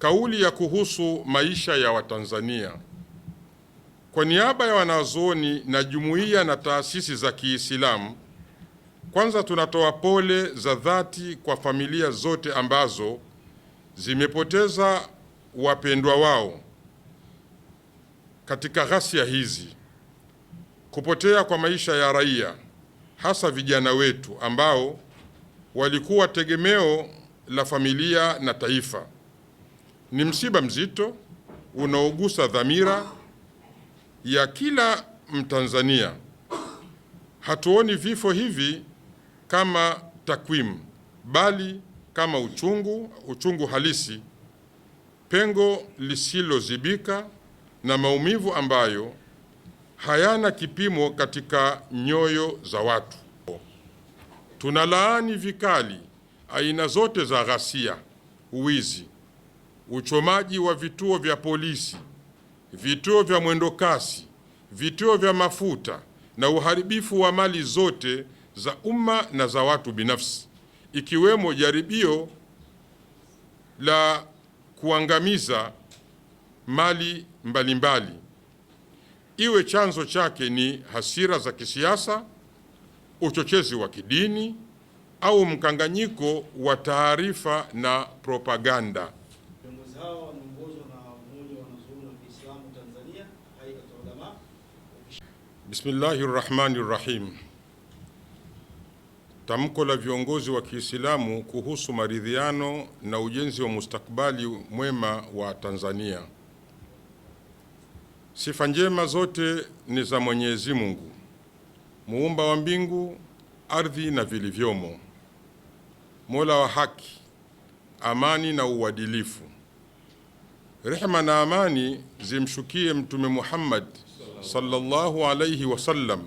kauli ya kuhusu maisha ya Watanzania. Kwa niaba ya wanazuoni na jumuiya na taasisi za Kiislamu, kwanza tunatoa pole za dhati kwa familia zote ambazo zimepoteza wapendwa wao katika ghasia hizi. Kupotea kwa maisha ya raia, hasa vijana wetu ambao walikuwa tegemeo la familia na taifa ni msiba mzito unaogusa dhamira ya kila Mtanzania. Hatuoni vifo hivi kama takwimu, bali kama uchungu, uchungu halisi, pengo lisilozibika na maumivu ambayo hayana kipimo katika nyoyo za watu. Tunalaani vikali aina zote za ghasia, uwizi uchomaji wa vituo vya polisi, vituo vya mwendokasi, vituo vya mafuta na uharibifu wa mali zote za umma na za watu binafsi, ikiwemo jaribio la kuangamiza mali mbalimbali mbali. Iwe chanzo chake ni hasira za kisiasa, uchochezi wa kidini au mkanganyiko wa taarifa na propaganda. Bismillahi rrahmani rrahim. Tamko la viongozi wa Kiislamu kuhusu maridhiano na ujenzi wa mustakbali mwema wa Tanzania. Sifa njema zote ni za Mwenyezi Mungu muumba wa mbingu, ardhi na vilivyomo, mola wa haki, amani na uadilifu. Rehma na amani zimshukie Mtume Muhammad sallallahu alayhi wasallam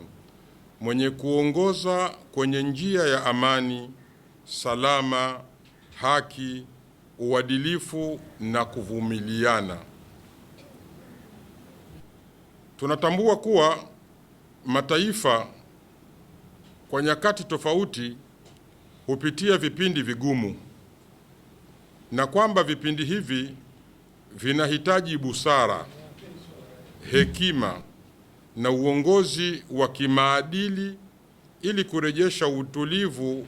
mwenye kuongoza kwenye njia ya amani, salama, haki, uadilifu na kuvumiliana. Tunatambua kuwa mataifa kwa nyakati tofauti hupitia vipindi vigumu na kwamba vipindi hivi vinahitaji busara, hekima na uongozi wa kimaadili ili kurejesha utulivu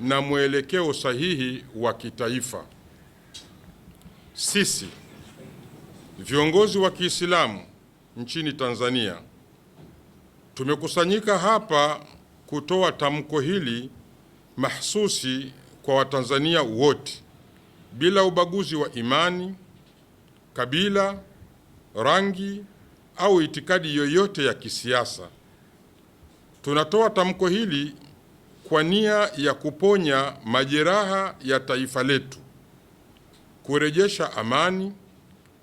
na mwelekeo sahihi wa kitaifa. Sisi viongozi wa Kiislamu nchini Tanzania tumekusanyika hapa kutoa tamko hili mahsusi kwa Watanzania wote bila ubaguzi wa imani, kabila, rangi au itikadi yoyote ya kisiasa. Tunatoa tamko hili kwa nia ya kuponya majeraha ya taifa letu, kurejesha amani,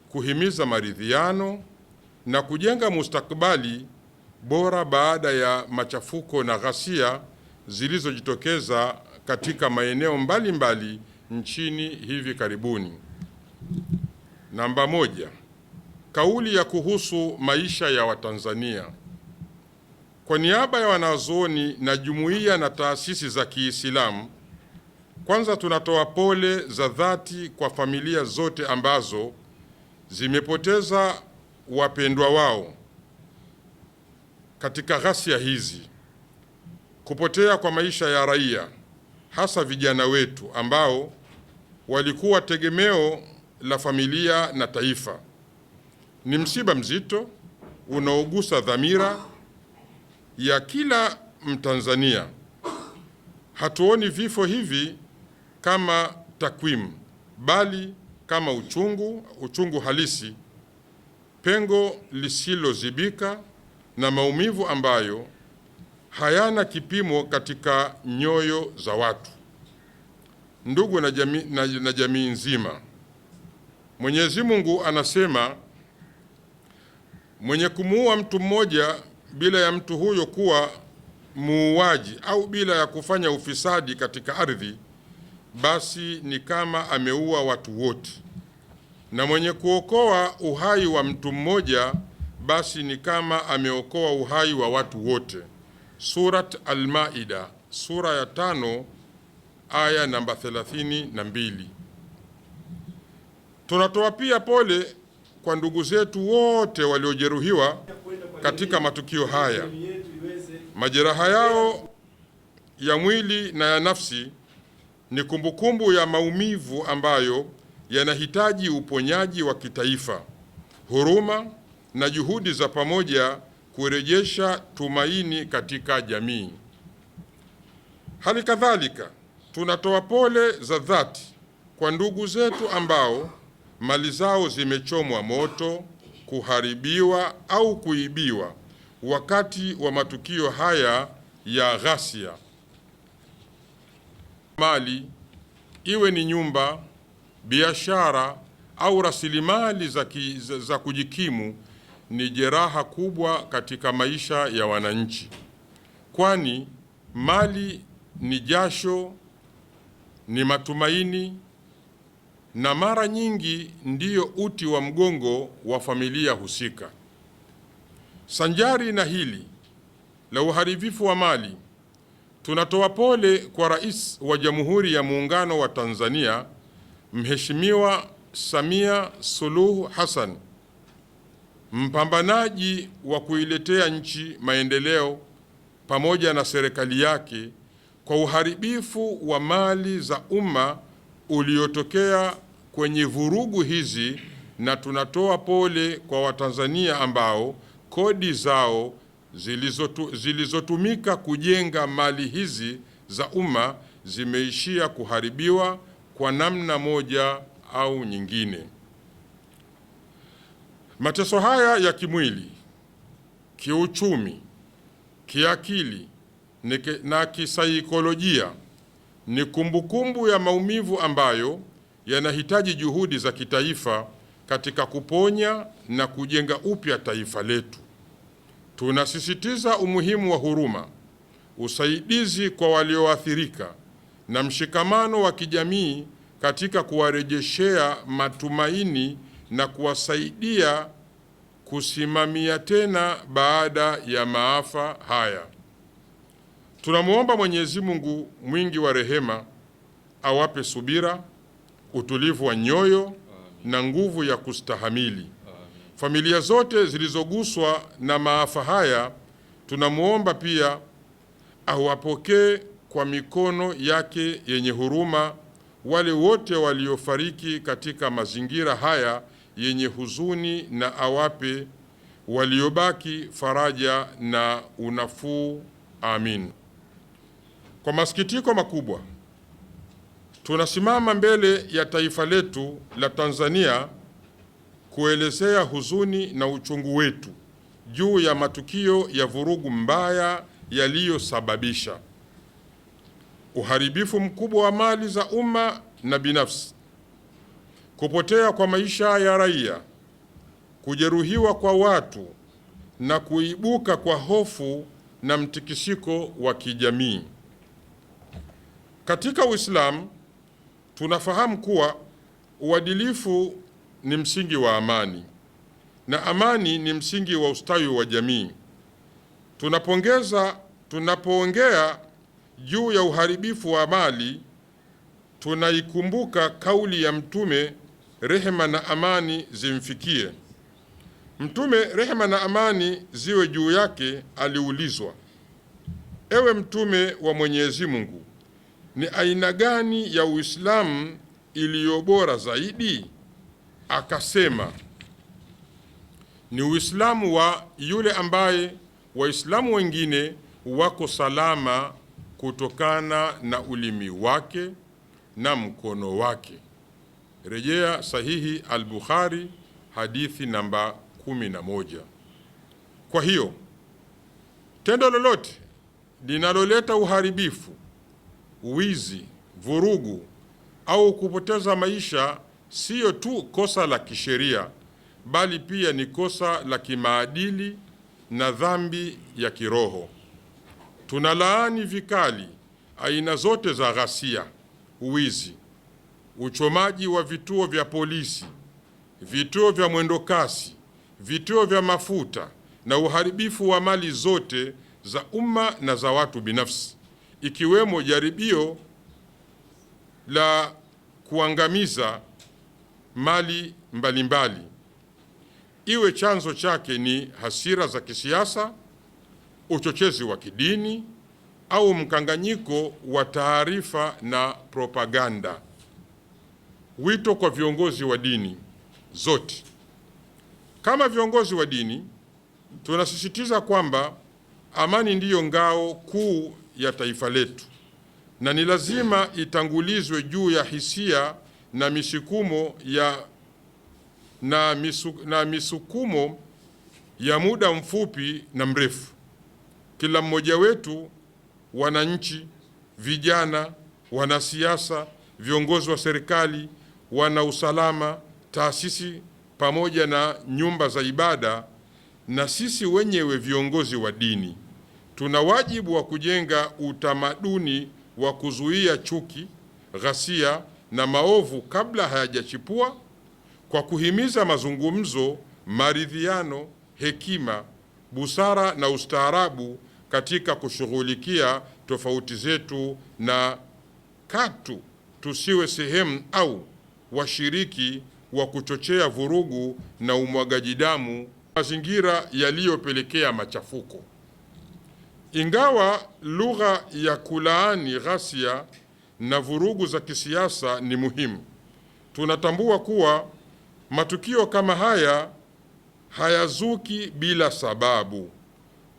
kuhimiza maridhiano na kujenga mustakabali bora baada ya machafuko na ghasia zilizojitokeza katika maeneo mbalimbali mbali nchini hivi karibuni. Namba moja kauli ya kuhusu maisha ya Watanzania. Kwa niaba ya wanazuoni na jumuiya na taasisi za Kiislamu, kwanza tunatoa pole za dhati kwa familia zote ambazo zimepoteza wapendwa wao katika ghasia hizi. Kupotea kwa maisha ya raia, hasa vijana wetu ambao walikuwa tegemeo la familia na taifa. Ni msiba mzito unaogusa dhamira ya kila Mtanzania. Hatuoni vifo hivi kama takwimu, bali kama uchungu, uchungu halisi, pengo lisilozibika na maumivu ambayo hayana kipimo katika nyoyo za watu. Ndugu na jamii, na, na jamii nzima, Mwenyezi Mungu anasema mwenye kumuua mtu mmoja bila ya mtu huyo kuwa muuaji au bila ya kufanya ufisadi katika ardhi, basi ni kama ameua watu wote, na mwenye kuokoa uhai wa mtu mmoja, basi ni kama ameokoa uhai wa watu wote. Surat Al-Maida sura ya tano aya namba 32. Tunatoa pia pole kwa ndugu zetu wote waliojeruhiwa katika matukio haya. Majeraha yao ya mwili na ya nafsi ni kumbukumbu ya maumivu ambayo yanahitaji uponyaji wa kitaifa, huruma na juhudi za pamoja kurejesha tumaini katika jamii. Hali kadhalika tunatoa pole za dhati kwa ndugu zetu ambao mali zao zimechomwa moto, kuharibiwa au kuibiwa wakati wa matukio haya ya ghasia. Mali iwe ni nyumba, biashara au rasilimali za, za, za kujikimu ni jeraha kubwa katika maisha ya wananchi, kwani mali ni jasho, ni matumaini na mara nyingi ndiyo uti wa mgongo wa familia husika. Sanjari na hili la uharibifu wa mali, tunatoa pole kwa Rais wa Jamhuri ya Muungano wa Tanzania Mheshimiwa Samia Suluhu Hassan, mpambanaji wa kuiletea nchi maendeleo, pamoja na serikali yake kwa uharibifu wa mali za umma uliotokea kwenye vurugu hizi, na tunatoa pole kwa Watanzania ambao kodi zao zilizotu, zilizotumika kujenga mali hizi za umma zimeishia kuharibiwa kwa namna moja au nyingine. Mateso haya ya kimwili, kiuchumi, kiakili na kisaikolojia ni kumbukumbu -kumbu ya maumivu ambayo yanahitaji juhudi za kitaifa katika kuponya na kujenga upya taifa letu. Tunasisitiza umuhimu wa huruma, usaidizi kwa walioathirika na mshikamano wa kijamii katika kuwarejeshea matumaini na kuwasaidia kusimamia tena baada ya maafa haya. Tunamwomba Mwenyezi Mungu mwingi wa rehema awape subira, utulivu wa nyoyo Amin. na nguvu ya kustahamili Amin. Familia zote zilizoguswa na maafa haya tunamwomba pia awapokee kwa mikono yake yenye huruma wale wote waliofariki katika mazingira haya yenye huzuni na awape waliobaki faraja na unafuu. Amin. Kwa masikitiko makubwa, tunasimama mbele ya taifa letu la Tanzania kuelezea huzuni na uchungu wetu juu ya matukio ya vurugu mbaya yaliyosababisha uharibifu mkubwa wa mali za umma na binafsi, kupotea kwa maisha ya raia, kujeruhiwa kwa watu na kuibuka kwa hofu na mtikisiko wa kijamii. Katika Uislamu tunafahamu kuwa uadilifu ni msingi wa amani na amani ni msingi wa ustawi wa jamii. Tunapongeza, tunapoongea juu ya uharibifu wa mali tunaikumbuka kauli ya Mtume, rehema na amani zimfikie Mtume, rehema na amani ziwe juu yake, aliulizwa: ewe Mtume wa Mwenyezi Mungu ni aina gani ya Uislamu iliyo bora zaidi? Akasema ni Uislamu wa yule ambaye Waislamu wengine wako salama kutokana na ulimi wake na mkono wake. Rejea sahihi al-Bukhari hadithi namba 11. Kwa hiyo tendo lolote linaloleta uharibifu uwizi, vurugu au kupoteza maisha siyo tu kosa la kisheria bali pia ni kosa la kimaadili na dhambi ya kiroho. Tunalaani vikali aina zote za ghasia, uwizi, uchomaji wa vituo vya polisi, vituo vya mwendokasi, vituo vya mafuta na uharibifu wa mali zote za umma na za watu binafsi ikiwemo jaribio la kuangamiza mali mbalimbali mbali. Iwe chanzo chake ni hasira za kisiasa, uchochezi wa kidini au mkanganyiko wa taarifa na propaganda. Wito kwa viongozi wa dini zote. Kama viongozi wa dini tunasisitiza kwamba amani ndiyo ngao kuu ya taifa letu na ni lazima itangulizwe juu ya hisia na misukumo ya, na misu, na misukumo ya muda mfupi na mrefu. Kila mmoja wetu, wananchi, vijana, wanasiasa, viongozi wa serikali, wana usalama, taasisi pamoja na nyumba za ibada na sisi wenyewe viongozi wa dini Tuna wajibu wa kujenga utamaduni wa kuzuia chuki, ghasia na maovu kabla hayajachipua kwa kuhimiza mazungumzo, maridhiano, hekima, busara na ustaarabu katika kushughulikia tofauti zetu, na katu tusiwe sehemu au washiriki wa kuchochea vurugu na umwagaji damu, mazingira yaliyopelekea machafuko. Ingawa lugha ya kulaani ghasia na vurugu za kisiasa ni muhimu, tunatambua kuwa matukio kama haya hayazuki bila sababu.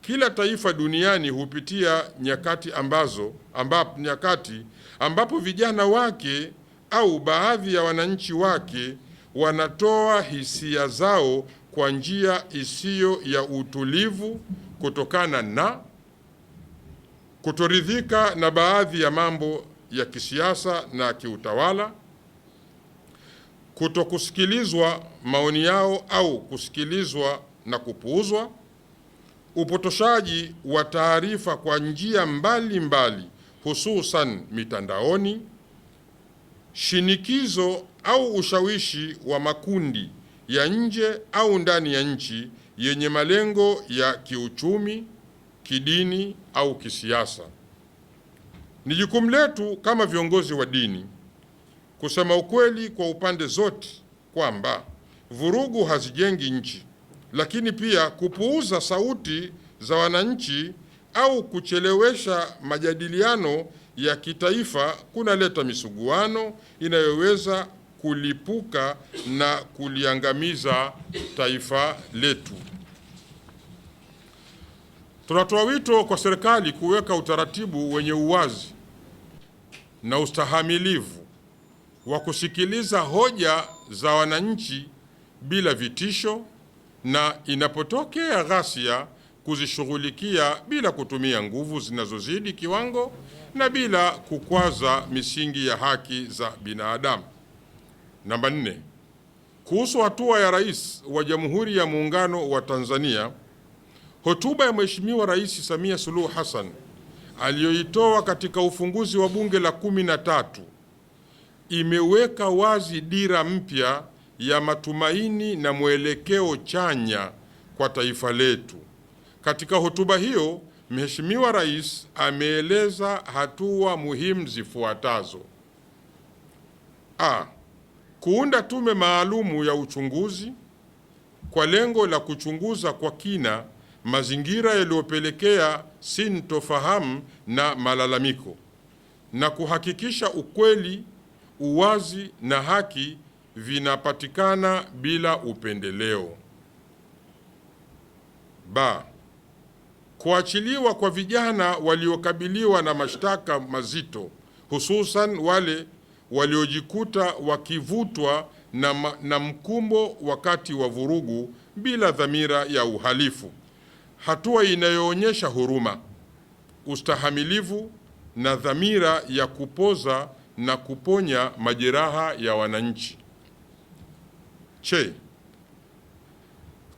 Kila taifa duniani hupitia nyakati ambazo ambap, nyakati ambapo vijana wake au baadhi ya wananchi wake wanatoa hisia zao kwa njia isiyo ya utulivu kutokana na kutoridhika na baadhi ya mambo ya kisiasa na kiutawala, kutokusikilizwa maoni yao au kusikilizwa na kupuuzwa, upotoshaji wa taarifa kwa njia mbalimbali, hususan mitandaoni, shinikizo au ushawishi wa makundi ya nje au ndani ya nchi yenye malengo ya kiuchumi kidini au kisiasa. Ni jukumu letu kama viongozi wa dini kusema ukweli kwa upande zote kwamba vurugu hazijengi nchi, lakini pia kupuuza sauti za wananchi au kuchelewesha majadiliano ya kitaifa kunaleta misuguano inayoweza kulipuka na kuliangamiza taifa letu. Tunatoa wito kwa serikali kuweka utaratibu wenye uwazi na ustahamilivu wa kusikiliza hoja za wananchi bila vitisho na inapotokea ghasia kuzishughulikia bila kutumia nguvu zinazozidi kiwango na bila kukwaza misingi ya haki za binadamu. Namba nne, kuhusu hatua ya Rais wa Jamhuri ya Muungano wa Tanzania Hotuba ya Mheshimiwa Rais Samia Suluhu Hassan aliyoitoa katika ufunguzi wa Bunge la kumi na tatu imeweka wazi dira mpya ya matumaini na mwelekeo chanya kwa taifa letu. Katika hotuba hiyo, Mheshimiwa Rais ameeleza hatua muhimu zifuatazo: A, kuunda tume maalumu ya uchunguzi kwa lengo la kuchunguza kwa kina mazingira yaliyopelekea sintofahamu na malalamiko na kuhakikisha ukweli, uwazi na haki vinapatikana bila upendeleo. Ba, kuachiliwa kwa vijana waliokabiliwa na mashtaka mazito hususan wale waliojikuta wakivutwa na, na mkumbo wakati wa vurugu bila dhamira ya uhalifu hatua inayoonyesha huruma, ustahamilivu na dhamira ya kupoza na kuponya majeraha ya wananchi. Che,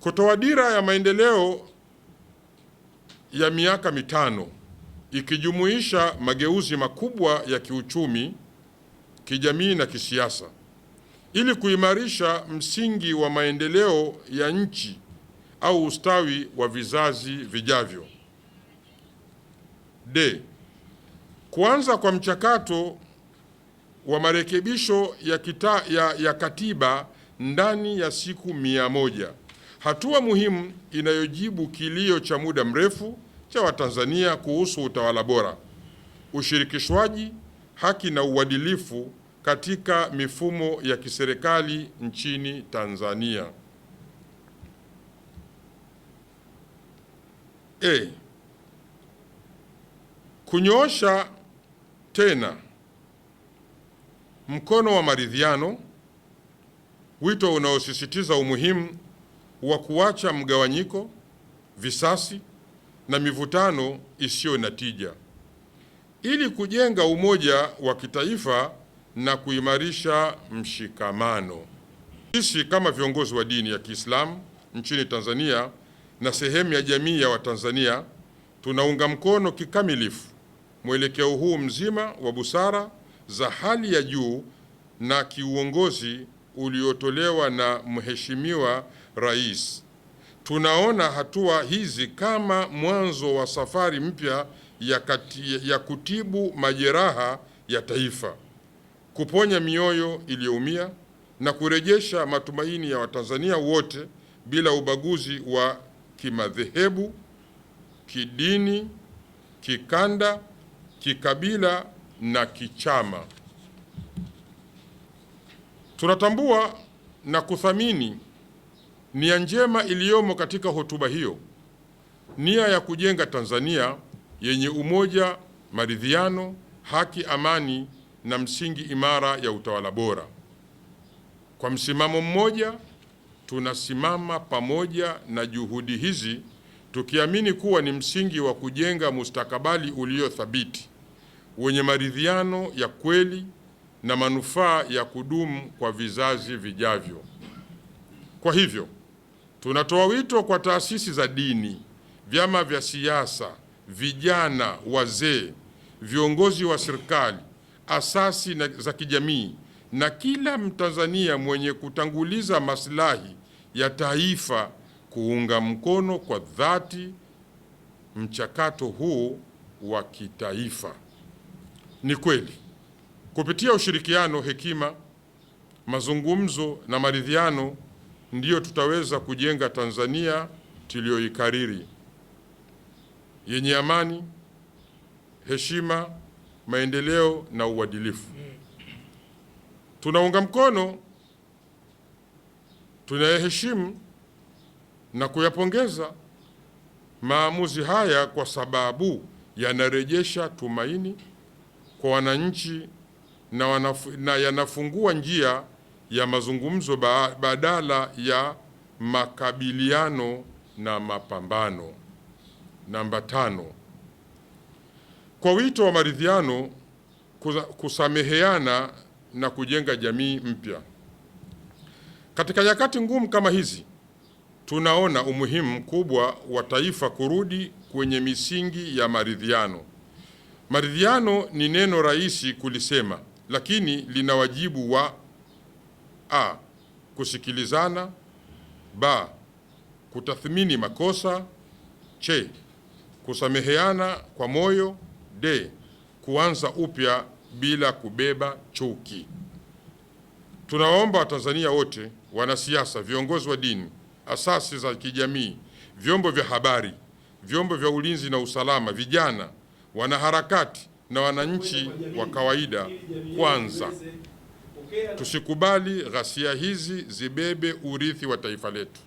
kutoa dira ya maendeleo ya miaka mitano ikijumuisha mageuzi makubwa ya kiuchumi, kijamii na kisiasa ili kuimarisha msingi wa maendeleo ya nchi au ustawi wa vizazi vijavyo. D. Kuanza kwa mchakato wa marekebisho ya, kita, ya, ya katiba ndani ya siku mia moja, hatua muhimu inayojibu kilio cha muda mrefu cha Watanzania kuhusu utawala bora, ushirikishwaji, haki na uadilifu katika mifumo ya kiserikali nchini Tanzania. A. Kunyoosha tena mkono wa maridhiano, wito unaosisitiza umuhimu wa kuacha mgawanyiko, visasi na mivutano isiyo na tija ili kujenga umoja wa kitaifa na kuimarisha mshikamano. Sisi kama viongozi wa dini ya Kiislamu nchini Tanzania na sehemu ya jamii ya Watanzania tunaunga mkono kikamilifu mwelekeo huu mzima wa busara za hali ya juu na kiuongozi uliotolewa na Mheshimiwa Rais. Tunaona hatua hizi kama mwanzo wa safari mpya ya, ya kutibu majeraha ya taifa, kuponya mioyo iliyoumia na kurejesha matumaini ya Watanzania wote bila ubaguzi wa kimadhehebu, kidini, kikanda, kikabila na kichama. Tunatambua na kuthamini nia njema iliyomo katika hotuba hiyo, nia ya kujenga Tanzania yenye umoja, maridhiano, haki, amani na msingi imara ya utawala bora kwa msimamo mmoja tunasimama pamoja na juhudi hizi tukiamini kuwa ni msingi wa kujenga mustakabali ulio thabiti wenye maridhiano ya kweli na manufaa ya kudumu kwa vizazi vijavyo. Kwa hivyo, tunatoa wito kwa taasisi za dini, vyama vya siasa, vijana, wazee, viongozi wa serikali, asasi za kijamii na kila Mtanzania mwenye kutanguliza maslahi ya taifa kuunga mkono kwa dhati mchakato huu wa kitaifa. Ni kweli kupitia ushirikiano, hekima, mazungumzo na maridhiano ndiyo tutaweza kujenga Tanzania tuliyoikariri yenye amani, heshima, maendeleo na uadilifu. Mm. Tunaunga mkono Tunayaheshimu na kuyapongeza maamuzi haya kwa sababu yanarejesha tumaini kwa wananchi na, wanaf na yanafungua njia ya mazungumzo ba badala ya makabiliano na mapambano. Namba tano, kwa wito wa maridhiano, kusameheana na kujenga jamii mpya. Katika nyakati ngumu kama hizi, tunaona umuhimu mkubwa wa taifa kurudi kwenye misingi ya maridhiano. Maridhiano ni neno rahisi kulisema, lakini lina wajibu wa a, kusikilizana; b, kutathmini makosa; c, kusameheana kwa moyo; d, kuanza upya bila kubeba chuki. Tunawaomba Watanzania wote, wanasiasa, viongozi wa dini, asasi za kijamii, vyombo vya habari, vyombo vya ulinzi na usalama, vijana, wanaharakati na wananchi wa kawaida, kwanza tusikubali ghasia hizi zibebe urithi wa taifa letu.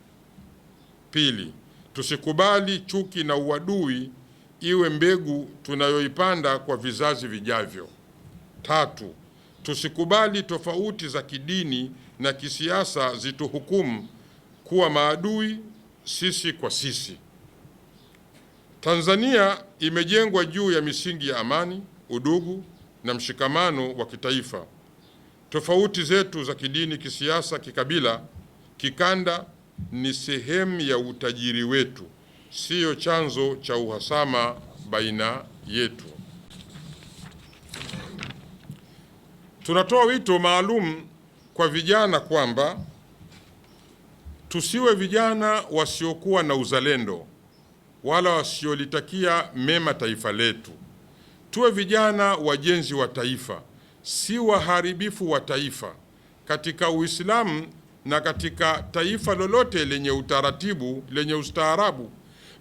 Pili, tusikubali chuki na uadui iwe mbegu tunayoipanda kwa vizazi vijavyo. Tatu, Tusikubali tofauti za kidini na kisiasa zituhukumu kuwa maadui sisi kwa sisi. Tanzania imejengwa juu ya misingi ya amani, udugu na mshikamano wa kitaifa. Tofauti zetu za kidini, kisiasa, kikabila, kikanda ni sehemu ya utajiri wetu, siyo chanzo cha uhasama baina yetu. Tunatoa wito maalum kwa vijana kwamba tusiwe vijana wasiokuwa na uzalendo wala wasiolitakia mema taifa letu. Tuwe vijana wajenzi wa taifa, si waharibifu wa taifa. Katika Uislamu na katika taifa lolote lenye utaratibu, lenye ustaarabu,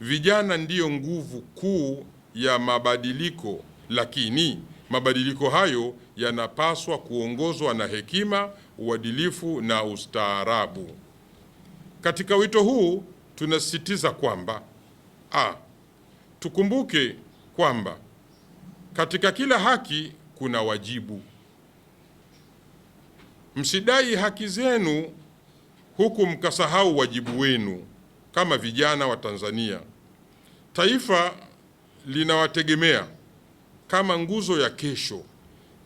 vijana ndiyo nguvu kuu ya mabadiliko, lakini mabadiliko hayo yanapaswa kuongozwa na hekima, uadilifu na ustaarabu. Katika wito huu tunasisitiza kwamba a, tukumbuke kwamba katika kila haki kuna wajibu. Msidai haki zenu huku mkasahau wajibu wenu. Kama vijana wa Tanzania, taifa linawategemea kama nguzo ya kesho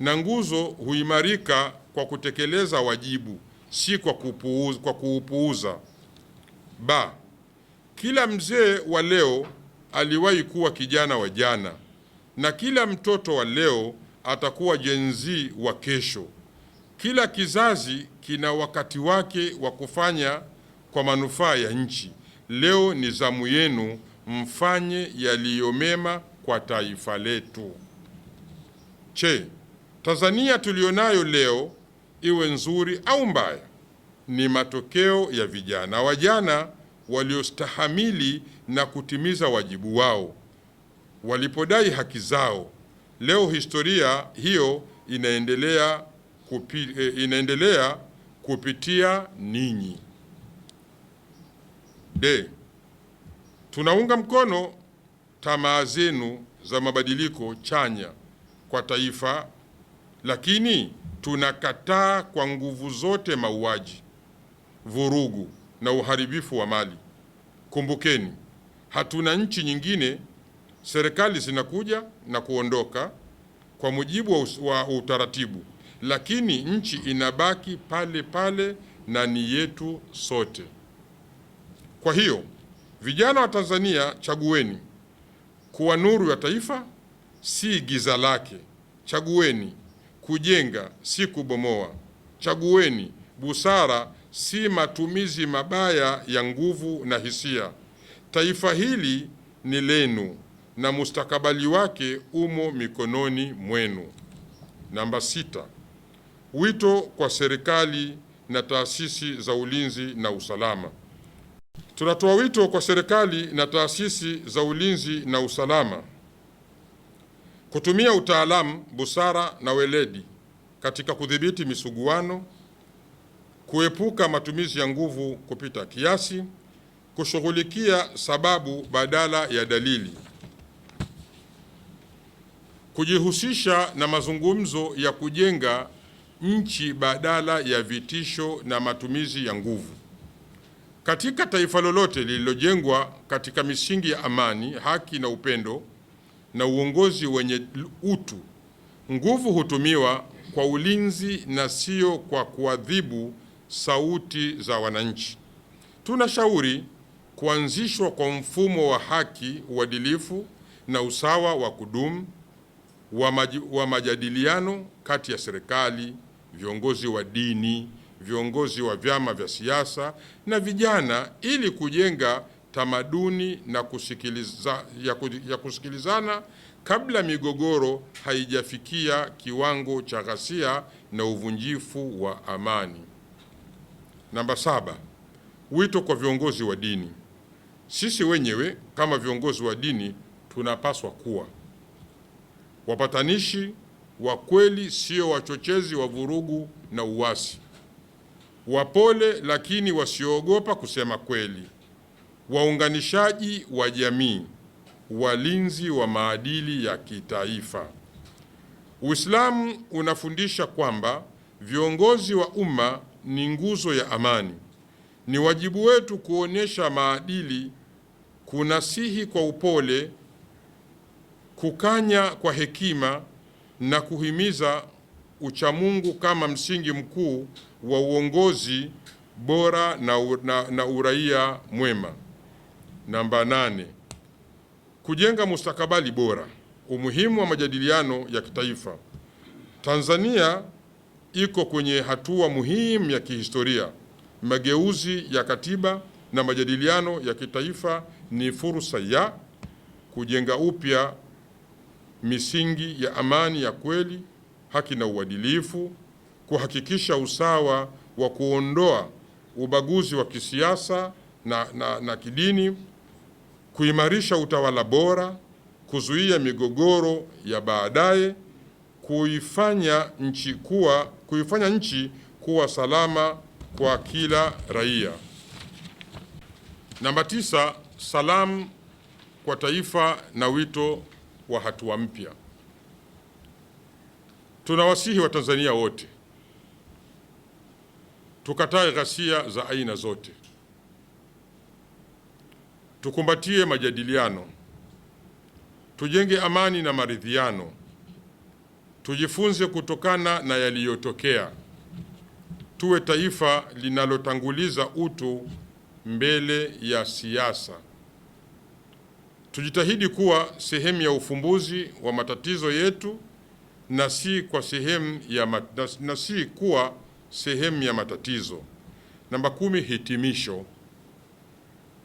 na nguzo huimarika kwa kutekeleza wajibu, si kwa kupuuza, kwa kuupuuza. Ba, kila mzee wa leo aliwahi kuwa kijana wa jana na kila mtoto wa leo atakuwa jenzi wa kesho. Kila kizazi kina wakati wake wa kufanya kwa manufaa ya nchi. Leo ni zamu yenu, mfanye yaliyo mema kwa taifa letu. Che, Tanzania tuliyonayo leo, iwe nzuri au mbaya, ni matokeo ya vijana wajana waliostahamili na kutimiza wajibu wao walipodai haki zao. Leo historia hiyo inaendelea, kupi, eh, inaendelea kupitia ninyi. De, tunaunga mkono tamaa zenu za mabadiliko chanya kwa taifa lakini tunakataa kwa nguvu zote mauaji, vurugu na uharibifu wa mali. Kumbukeni, hatuna nchi nyingine serikali zinakuja na kuondoka kwa mujibu wa utaratibu, lakini nchi inabaki pale pale na ni yetu sote. Kwa hiyo vijana wa Tanzania, chagueni kuwa nuru ya taifa, si giza lake. Chagueni kujenga, si kubomoa. Chagueni busara, si matumizi mabaya ya nguvu na hisia. Taifa hili ni lenu na mustakabali wake umo mikononi mwenu. Namba sita, wito kwa serikali na taasisi za ulinzi na usalama. Tunatoa wito kwa serikali na taasisi za ulinzi na usalama kutumia utaalamu, busara na weledi katika kudhibiti misuguano, kuepuka matumizi ya nguvu kupita kiasi, kushughulikia sababu badala ya dalili, kujihusisha na mazungumzo ya kujenga nchi badala ya vitisho na matumizi ya nguvu. Katika taifa lolote lililojengwa katika misingi ya amani, haki na upendo na uongozi wenye utu. Nguvu hutumiwa kwa ulinzi na sio kwa kuadhibu sauti za wananchi. Tunashauri kuanzishwa kwa mfumo wa haki, uadilifu na usawa wa kudumu wa, maj wa majadiliano kati ya serikali, viongozi wa dini, viongozi wa vyama vya siasa na vijana ili kujenga tamaduni na kusikiliza, ya, ya kusikilizana kabla migogoro haijafikia kiwango cha ghasia na uvunjifu wa amani. Namba saba, wito kwa viongozi wa dini. Sisi wenyewe kama viongozi wa dini tunapaswa kuwa wapatanishi wa kweli, sio wachochezi wa vurugu na uasi, wapole lakini wasioogopa kusema kweli waunganishaji wa jamii, walinzi wa maadili ya kitaifa. Uislamu unafundisha kwamba viongozi wa umma ni nguzo ya amani. Ni wajibu wetu kuonyesha maadili, kunasihi kwa upole, kukanya kwa hekima na kuhimiza uchamungu kama msingi mkuu wa uongozi bora na, na, na uraia mwema. Namba nane, kujenga mustakabali bora. Umuhimu wa majadiliano ya kitaifa. Tanzania iko kwenye hatua muhimu ya kihistoria. Mageuzi ya katiba na majadiliano ya kitaifa ni fursa ya kujenga upya misingi ya amani ya kweli, haki na uadilifu, kuhakikisha usawa wa kuondoa ubaguzi wa kisiasa na, na, na kidini kuimarisha utawala bora, kuzuia migogoro ya baadaye, kuifanya nchi kuwa kuifanya nchi kuwa salama kwa kila raia. Namba tisa, salamu kwa taifa na wito wa hatua mpya. Tunawasihi Watanzania wote tukatae ghasia za aina zote tukumbatie majadiliano, tujenge amani na maridhiano, tujifunze kutokana na yaliyotokea, tuwe taifa linalotanguliza utu mbele ya siasa. Tujitahidi kuwa sehemu ya ufumbuzi wa matatizo yetu na si kwa sehemu ya mat, na si kuwa sehemu ya matatizo. Namba kumi, hitimisho.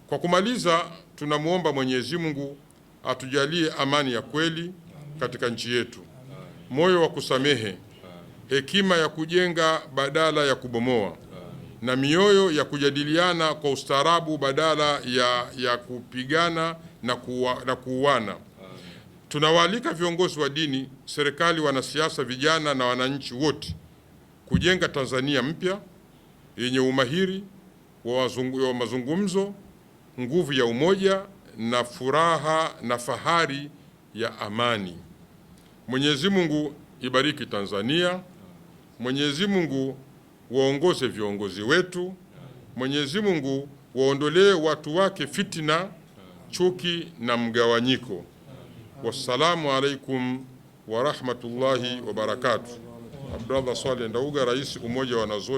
Kwa kumaliza, tunamwomba Mwenyezi Mungu atujalie amani ya kweli katika nchi yetu, moyo wa kusamehe, hekima ya kujenga badala ya kubomoa, na mioyo ya kujadiliana kwa ustaarabu badala ya, ya kupigana na, kuwa, na kuuana. Tunawaalika viongozi wa dini, serikali, wanasiasa, vijana na wananchi wote kujenga Tanzania mpya yenye umahiri wa mazungumzo nguvu ya umoja na furaha na fahari ya amani. Mwenyezi Mungu ibariki Tanzania. Mwenyezi Mungu waongoze viongozi wetu. Mwenyezi Mungu waondolee watu wake fitina, chuki na mgawanyiko. Wassalamu alaikum wa rahmatullahi wa barakatuh. Abdallah Saleh Ndauga, Rais Umoja wa Wanazuoni